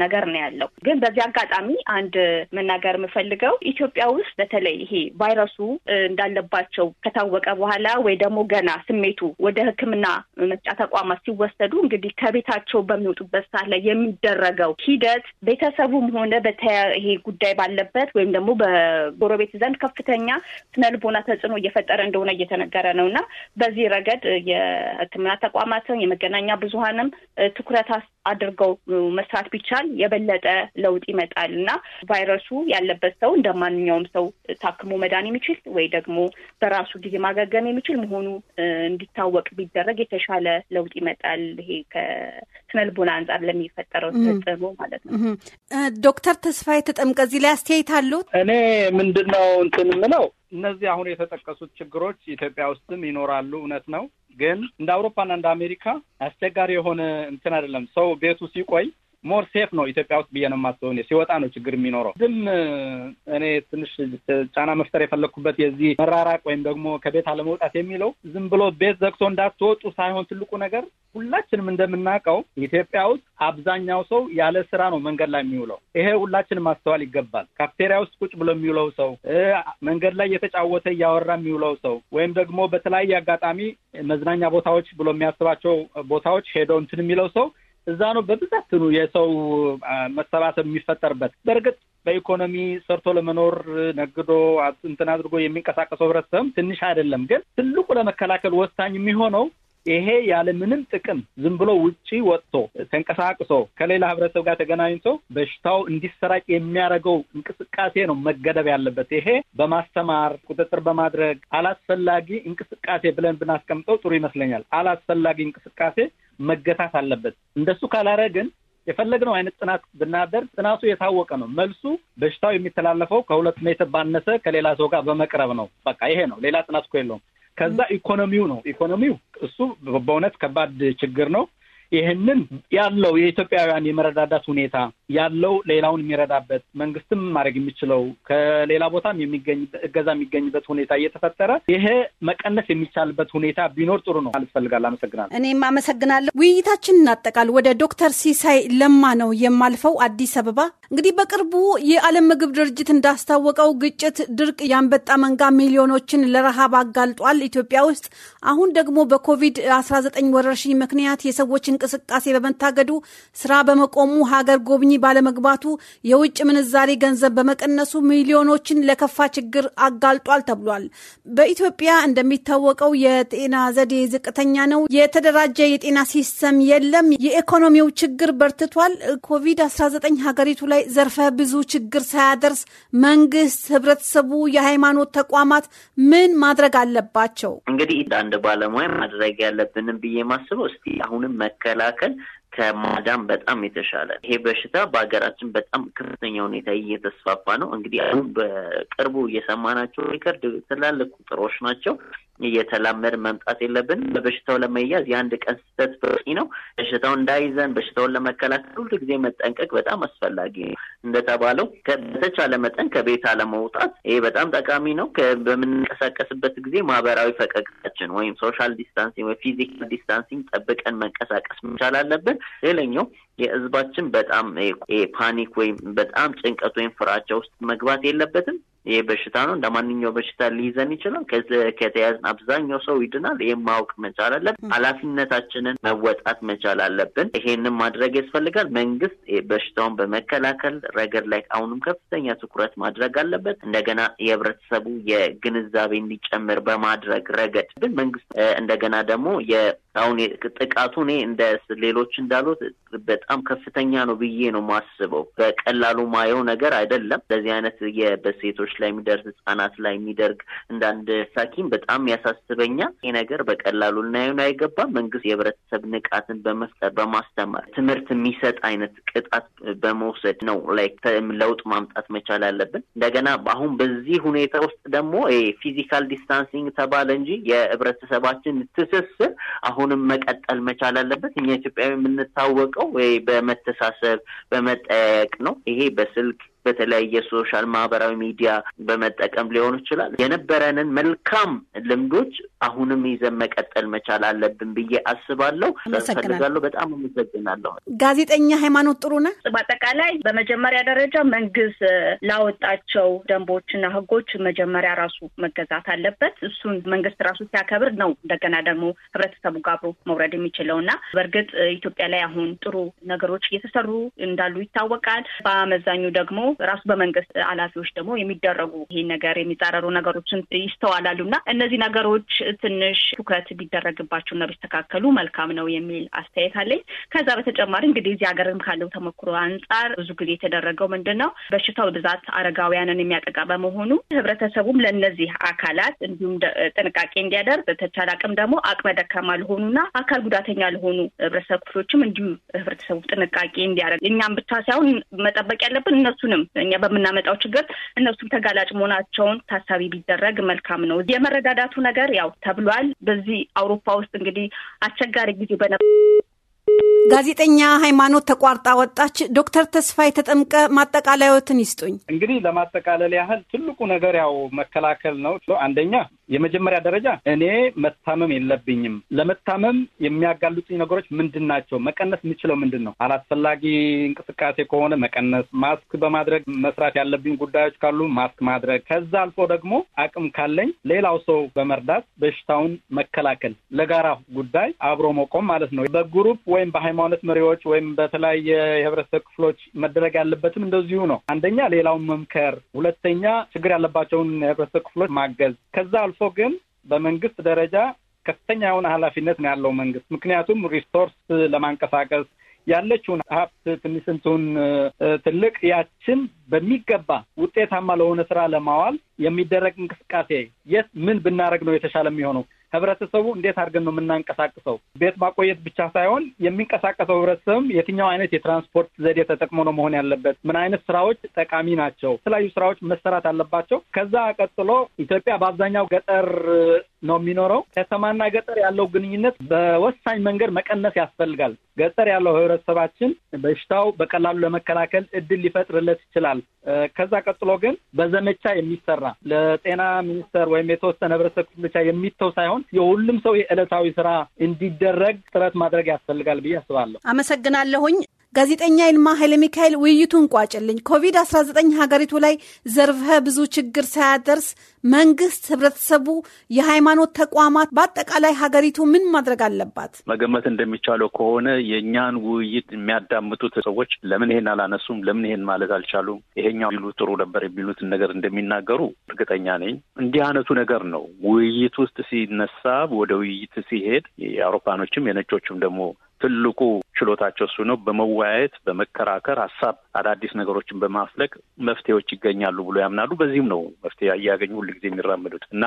ነገር ነው ያለው። ግን በዚህ አጋጣሚ አንድ መናገር የምፈልገው ኢትዮጵያ ውስጥ በተለይ ይሄ ቫይረሱ እንዳለባቸው ከታወቀ በኋላ ወይ ደግሞ ገና ስሜቱ ወደ ሕክምና መስጫ ተቋማት ሲወሰዱ እንግዲህ ከቤታቸው በሚወጡበት ሰዓት ጥናት ላይ የሚደረገው ሂደት ቤተሰቡም ሆነ ይሄ ጉዳይ ባለበት ወይም ደግሞ በጎረቤት ዘንድ ከፍተኛ ስነልቦና ተጽዕኖ እየፈጠረ እንደሆነ እየተነገረ ነው እና በዚህ ረገድ የሕክምና ተቋማትን የመገናኛ ብዙሀንም ትኩረት አድርገው መስራት ቢቻል የበለጠ ለውጥ ይመጣል እና ቫይረሱ ያለበት ሰው እንደ ማንኛውም ሰው ታክሞ መዳን የሚችል ወይ ደግሞ በራሱ ጊዜ ማገገም የሚችል መሆኑ እንዲታወቅ ቢደረግ የተሻለ ለውጥ ይመጣል። ይሄ ከስነ ልቦና አንጻር ለሚፈጠረው ተጽዕኖ ማለት ነው። ዶክተር ተስፋዬ ተጠምቀ እዚህ ላይ አስተያየት አሉት። እኔ ምንድን ነው እንትን የምለው እነዚህ አሁን የተጠቀሱት ችግሮች ኢትዮጵያ ውስጥም ይኖራሉ፣ እውነት ነው። ግን እንደ አውሮፓና እንደ አሜሪካ አስቸጋሪ የሆነ እንትን አይደለም። ሰው ቤቱ ሲቆይ ሞር ሴፍ ነው ኢትዮጵያ ውስጥ ብዬ ነው የማስበው። ሲወጣ ነው ችግር የሚኖረው። ግን እኔ ትንሽ ጫና መፍጠር የፈለግኩበት የዚህ መራራቅ ወይም ደግሞ ከቤት አለመውጣት የሚለው ዝም ብሎ ቤት ዘግቶ እንዳትወጡ ሳይሆን ትልቁ ነገር ሁላችንም እንደምናውቀው ኢትዮጵያ ውስጥ አብዛኛው ሰው ያለ ስራ ነው መንገድ ላይ የሚውለው። ይሄ ሁላችንም ማስተዋል ይገባል። ካፍቴሪያ ውስጥ ቁጭ ብሎ የሚውለው ሰው፣ መንገድ ላይ የተጫወተ እያወራ የሚውለው ሰው ወይም ደግሞ በተለያየ አጋጣሚ መዝናኛ ቦታዎች ብሎ የሚያስባቸው ቦታዎች ሄዶ እንትን የሚለው ሰው እዛ ነው በብዛት ኑ የሰው መሰባሰብ የሚፈጠርበት። በእርግጥ በኢኮኖሚ ሰርቶ ለመኖር ነግዶ እንትን አድርጎ የሚንቀሳቀሰው ህብረተሰብም ትንሽ አይደለም። ግን ትልቁ ለመከላከል ወሳኝ የሚሆነው ይሄ ያለምንም ጥቅም ዝም ብሎ ውጪ ወጥቶ ተንቀሳቅሶ ከሌላ ህብረተሰብ ጋር ተገናኝቶ በሽታው እንዲሰራጭ የሚያደርገው እንቅስቃሴ ነው መገደብ ያለበት። ይሄ በማስተማር ቁጥጥር በማድረግ አላስፈላጊ እንቅስቃሴ ብለን ብናስቀምጠው ጥሩ ይመስለኛል። አላስፈላጊ እንቅስቃሴ መገታት አለበት። እንደሱ ካላረግን የፈለግነው አይነት ጥናት ብናደርግ ጥናቱ የታወቀ ነው። መልሱ በሽታው የሚተላለፈው ከሁለት ሜትር ባነሰ ከሌላ ሰው ጋር በመቅረብ ነው። በቃ ይሄ ነው። ሌላ ጥናት እኮ የለውም። ከዛ ኢኮኖሚው ነው ኢኮኖሚው እሱ በእውነት ከባድ ችግር ነው። ይህንን ያለው የኢትዮጵያውያን የመረዳዳት ሁኔታ ያለው ሌላውን የሚረዳበት መንግስትም ማድረግ የሚችለው ከሌላ ቦታም የሚገኝ እገዛ የሚገኝበት ሁኔታ እየተፈጠረ ይሄ መቀነስ የሚቻልበት ሁኔታ ቢኖር ጥሩ ነው አልፈልጋል። አመሰግናለሁ። እኔም አመሰግናለሁ። ውይይታችን እናጠቃል። ወደ ዶክተር ሲሳይ ለማ ነው የማልፈው። አዲስ አበባ እንግዲህ በቅርቡ የዓለም ምግብ ድርጅት እንዳስታወቀው ግጭት፣ ድርቅ፣ የአንበጣ መንጋ ሚሊዮኖችን ለረሃብ አጋልጧል ኢትዮጵያ ውስጥ። አሁን ደግሞ በኮቪድ አስራ ዘጠኝ ወረርሽኝ ምክንያት የሰዎችን እንቅስቃሴ በመታገዱ ስራ በመቆሙ ሀገር ጎብኚ ባለመግባቱ የውጭ ምንዛሪ ገንዘብ በመቀነሱ ሚሊዮኖችን ለከፋ ችግር አጋልጧል ተብሏል። በኢትዮጵያ እንደሚታወቀው የጤና ዘዴ ዝቅተኛ ነው። የተደራጀ የጤና ሲስተም የለም። የኢኮኖሚው ችግር በርትቷል። ኮቪድ-19 ሀገሪቱ ላይ ዘርፈ ብዙ ችግር ሳያደርስ መንግስት፣ ህብረተሰቡ፣ የሃይማኖት ተቋማት ምን ማድረግ አለባቸው? እንግዲህ እንደ አንድ ባለሙያ ማድረግ ያለብንም ብዬ ማስበው እስቲ አሁንም መከ መከላከል ከማዳም በጣም የተሻለ ይሄ በሽታ በሀገራችን በጣም ከፍተኛ ሁኔታ እየተስፋፋ ነው። እንግዲህ አሁን በቅርቡ እየሰማናቸው ሪከርድ ትላልቅ ቁጥሮች ናቸው። እየተላመድ መምጣት የለብንም። በበሽታው ለመያዝ የአንድ ቀን ስህተት በቂ ነው። በሽታው እንዳይዘን በሽታውን ለመከላከል ሁሉ ጊዜ መጠንቀቅ በጣም አስፈላጊ ነው። እንደተባለው በተቻለ መጠን ከቤት አለመውጣት ይሄ በጣም ጠቃሚ ነው። በምንንቀሳቀስበት ጊዜ ማህበራዊ ፈቀቅታችን ወይም ሶሻል ዲስታንሲንግ ወይ ፊዚካል ዲስታንሲንግ ጠብቀን መንቀሳቀስ መቻል አለብን። ሌላኛው የህዝባችን በጣም ፓኒክ ወይም በጣም ጭንቀት ወይም ፍራቻ ውስጥ መግባት የለበትም። ይህ በሽታ ነው። እንደ ማንኛው በሽታ ሊይዘን ይችላል። ከተያዝን አብዛኛው ሰው ይድናል። ይህም ማወቅ መቻል አለብን። ኃላፊነታችንን መወጣት መቻል አለብን። ይሄንም ማድረግ ያስፈልጋል። መንግስት በሽታውን በመከላከል ረገድ ላይ አሁንም ከፍተኛ ትኩረት ማድረግ አለበት። እንደገና የህብረተሰቡ የግንዛቤ እንዲጨምር በማድረግ ረገድ ግን መንግስት እንደገና ደግሞ አሁን ጥቃቱ እኔ እንደ ሌሎች እንዳሉት በጣም ከፍተኛ ነው ብዬ ነው ማስበው። በቀላሉ ማየው ነገር አይደለም። እንደዚህ አይነት በሴቶች ላይ የሚደርስ ህጻናት ላይ የሚደርግ እንዳንድ ሳኪም በጣም ያሳስበኛል። ይህ ነገር በቀላሉ ልናየን አይገባም። መንግስት የህብረተሰብ ንቃትን በመፍጠር በማስተማር ትምህርት የሚሰጥ አይነት ቅጣት በመውሰድ ነው ላይ ለውጥ ማምጣት መቻል አለብን። እንደገና አሁን በዚህ ሁኔታ ውስጥ ደግሞ ፊዚካል ዲስታንሲንግ ተባለ እንጂ የህብረተሰባችን ትስስር አሁንም መቀጠል መቻል አለበት። እኛ ኢትዮጵያዊ የምንታወቀው በመተሳሰብ በመጠያየቅ ነው። ይሄ በስልክ በተለያየ ሶሻል ማህበራዊ ሚዲያ በመጠቀም ሊሆን ይችላል። የነበረንን መልካም ልምዶች አሁንም ይዘን መቀጠል መቻል አለብን ብዬ አስባለሁ። ፈልጋለሁ። በጣም አመሰግናለሁ። ጋዜጠኛ ሃይማኖት ነ በአጠቃላይ በመጀመሪያ ደረጃ መንግስት ላወጣቸው ደንቦችና ህጎች መጀመሪያ ራሱ መገዛት አለበት። እሱን መንግስት ራሱ ሲያከብር ነው እንደገና ደግሞ ህብረተሰቡ ጋብሮ መውረድ የሚችለው እና በእርግጥ ኢትዮጵያ ላይ አሁን ጥሩ ነገሮች እየተሰሩ እንዳሉ ይታወቃል። በአመዛኙ ደግሞ ራሱ በመንግስት ኃላፊዎች ደግሞ የሚደረጉ ይህን ነገር የሚጻረሩ ነገሮችን ይስተዋላሉ እና እነዚህ ነገሮች ትንሽ ትኩረት ቢደረግባቸውና ቢስተካከሉ መልካም ነው የሚል አስተያየት አለኝ። ከዛ በተጨማሪ እንግዲህ እዚህ ሀገርም ካለው ተሞክሮ አንጻር ብዙ ጊዜ የተደረገው ምንድን ነው በሽታው ብዛት አረጋውያንን የሚያጠቃ በመሆኑ ህብረተሰቡም ለእነዚህ አካላት እንዲሁም ጥንቃቄ እንዲያደርግ በተቻለ አቅም ደግሞ አቅመ ደካማ ለሆኑና አካል ጉዳተኛ ለሆኑ ህብረተሰብ ክፍሎችም እንዲሁ ህብረተሰቡ ጥንቃቄ እንዲያደርግ እኛም ብቻ ሳይሆን መጠበቅ ያለብን እነሱንም እኛ በምናመጣው ችግር እነሱም ተጋላጭ መሆናቸውን ታሳቢ ቢደረግ መልካም ነው። የመረዳዳቱ ነገር ያው ተብሏል። በዚህ አውሮፓ ውስጥ እንግዲህ አስቸጋሪ ጊዜ በነ ጋዜጠኛ ሃይማኖት ተቋርጣ ወጣች። ዶክተር ተስፋ ተጠምቀ ማጠቃለያዎትን ይስጡኝ። እንግዲህ ለማጠቃለል ያህል ትልቁ ነገር ያው መከላከል ነው። አንደኛ የመጀመሪያ ደረጃ እኔ መታመም የለብኝም። ለመታመም የሚያጋልጡኝ ነገሮች ምንድን ናቸው? መቀነስ የምችለው ምንድን ነው? አላስፈላጊ እንቅስቃሴ ከሆነ መቀነስ፣ ማስክ በማድረግ መስራት ያለብኝ ጉዳዮች ካሉ ማስክ ማድረግ፣ ከዛ አልፎ ደግሞ አቅም ካለኝ ሌላው ሰው በመርዳት በሽታውን መከላከል፣ ለጋራ ጉዳይ አብሮ መቆም ማለት ነው። በግሩፕ ወይም በሃይማኖት መሪዎች ወይም በተለያየ የህብረተሰብ ክፍሎች መደረግ ያለበትም እንደዚሁ ነው። አንደኛ ሌላውን መምከር፣ ሁለተኛ ችግር ያለባቸውን የህብረተሰብ ክፍሎች ማገዝ ከዛ አልፎ ግን በመንግስት ደረጃ ከፍተኛ የሆነ ኃላፊነት ነው ያለው መንግስት። ምክንያቱም ሪሶርስ ለማንቀሳቀስ ያለችውን ሀብት ትንሽንቱን ትልቅ ያችን በሚገባ ውጤታማ ለሆነ ስራ ለማዋል የሚደረግ እንቅስቃሴ የት ምን ብናደረግ ነው የተሻለ የሚሆነው? ህብረተሰቡ እንዴት አድርገን ነው የምናንቀሳቅሰው? ቤት ማቆየት ብቻ ሳይሆን የሚንቀሳቀሰው ህብረተሰብም የትኛው አይነት የትራንስፖርት ዘዴ ተጠቅሞ ነው መሆን ያለበት? ምን አይነት ስራዎች ጠቃሚ ናቸው? የተለያዩ ስራዎች መሰራት አለባቸው። ከዛ ቀጥሎ ኢትዮጵያ በአብዛኛው ገጠር ነው የሚኖረው። ከተማና ገጠር ያለው ግንኙነት በወሳኝ መንገድ መቀነስ ያስፈልጋል። ገጠር ያለው ህብረተሰባችን በሽታው በቀላሉ ለመከላከል እድል ሊፈጥርለት ይችላል። ከዛ ቀጥሎ ግን በዘመቻ የሚሰራ ለጤና ሚኒስቴር ወይም የተወሰነ ህብረተሰብ ክፍል ብቻ የሚተው ሳይሆን የሁሉም ሰው የዕለታዊ ስራ እንዲደረግ ጥረት ማድረግ ያስፈልጋል ብዬ አስባለሁ። አመሰግናለሁኝ። ጋዜጠኛ ይልማ ኃይለ ሚካኤል ውይይቱን ቋጭልኝ። ኮቪድ-19 ሀገሪቱ ላይ ዘርፈ ብዙ ችግር ሳያደርስ መንግስት፣ ህብረተሰቡ፣ የሃይማኖት ተቋማት በአጠቃላይ ሀገሪቱ ምን ማድረግ አለባት? መገመት እንደሚቻለው ከሆነ የእኛን ውይይት የሚያዳምጡት ሰዎች ለምን ይሄን አላነሱም፣ ለምን ይሄን ማለት አልቻሉም፣ ይሄኛው ቢሉት ጥሩ ነበር የሚሉትን ነገር እንደሚናገሩ እርግጠኛ ነኝ። እንዲህ አይነቱ ነገር ነው ውይይት ውስጥ ሲነሳ ወደ ውይይት ሲሄድ የአውሮፓኖችም የነጮችም ደግሞ ትልቁ ችሎታቸው እሱ ነው። በመወያየት በመከራከር ሀሳብ አዳዲስ ነገሮችን በማፍለቅ መፍትሄዎች ይገኛሉ ብሎ ያምናሉ። በዚህም ነው መፍትሄ እያገኙ ሁልጊዜ የሚራመዱት እና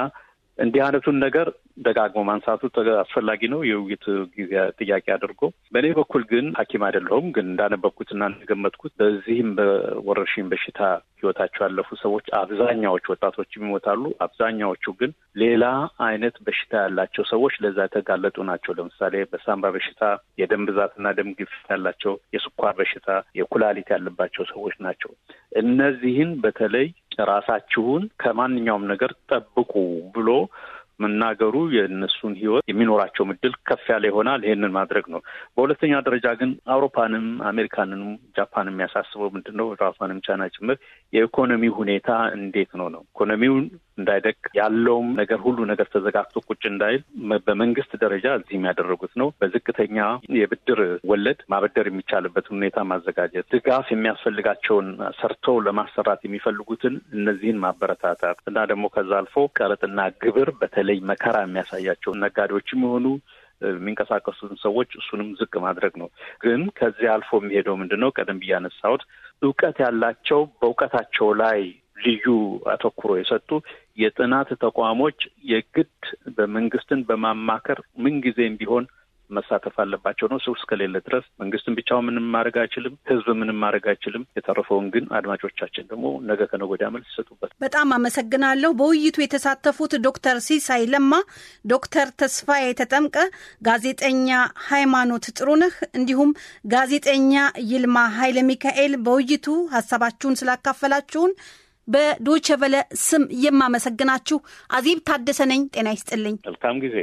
እንዲህ አይነቱን ነገር ደጋግሞ ማንሳቱ አስፈላጊ ነው የውይይት ጊዜ ጥያቄ አድርጎ። በእኔ በኩል ግን ሐኪም አይደለሁም፣ ግን እንዳነበብኩትና እንደገመጥኩት በዚህም በወረርሽኝ በሽታ ህይወታቸው ያለፉ ሰዎች አብዛኛዎቹ ወጣቶችም ይሞታሉ። አብዛኛዎቹ ግን ሌላ አይነት በሽታ ያላቸው ሰዎች ለዛ የተጋለጡ ናቸው። ለምሳሌ በሳምባ በሽታ፣ የደም ብዛትና ደም ግፊት ያላቸው፣ የስኳር በሽታ፣ የኩላሊት ያለባቸው ሰዎች ናቸው። እነዚህን በተለይ ራሳችሁን ከማንኛውም ነገር ጠብቁ ብሎ መናገሩ የእነሱን ህይወት የሚኖራቸውም እድል ከፍ ያለ ይሆናል። ይሄንን ማድረግ ነው። በሁለተኛ ደረጃ ግን አውሮፓንም አሜሪካንንም ጃፓን የሚያሳስበው ምንድን ነው? ቻና ቻይና ጭምር የኢኮኖሚ ሁኔታ እንዴት ነው ነው ኢኮኖሚውን እንዳይደቅ ያለውም ነገር ሁሉ ነገር ተዘጋግቶ ቁጭ እንዳይል በመንግስት ደረጃ እዚህም ያደረጉት ነው። በዝቅተኛ የብድር ወለድ ማበደር የሚቻልበትን ሁኔታ ማዘጋጀት፣ ድጋፍ የሚያስፈልጋቸውን ሰርተው ለማሰራት የሚፈልጉትን እነዚህን ማበረታታት እና ደግሞ ከዛ አልፎ ቀረጥና ግብር በተለይ መከራ የሚያሳያቸውን ነጋዴዎችም የሆኑ የሚንቀሳቀሱትን ሰዎች እሱንም ዝቅ ማድረግ ነው። ግን ከዚያ አልፎ የሚሄደው ምንድን ነው? ቀደም ብዬ ያነሳሁት እውቀት ያላቸው በእውቀታቸው ላይ ልዩ አተኩሮ የሰጡ የጥናት ተቋሞች የግድ በመንግስትን በማማከር ምንጊዜም ቢሆን መሳተፍ አለባቸው ነው። ሰው እስከሌለ ድረስ መንግስትን ብቻው ምንም ማድረግ አይችልም፣ ህዝብ ምንም ማድረግ አይችልም። የተረፈውን ግን አድማጮቻችን ደግሞ ነገ ከነገ ወዲያ መልስ ይሰጡበት። በጣም አመሰግናለሁ። በውይይቱ የተሳተፉት ዶክተር ሲሳይ ለማ፣ ዶክተር ተስፋዬ ተጠምቀ፣ ጋዜጠኛ ሃይማኖት ጥሩነህ እንዲሁም ጋዜጠኛ ይልማ ኃይለ ሚካኤል በውይይቱ ሀሳባችሁን ስላካፈላችሁን በዶቸቨለ ስም የማመሰግናችሁ አዜብ ታደሰ ነኝ። ጤና ይስጥልኝ። መልካም ጊዜ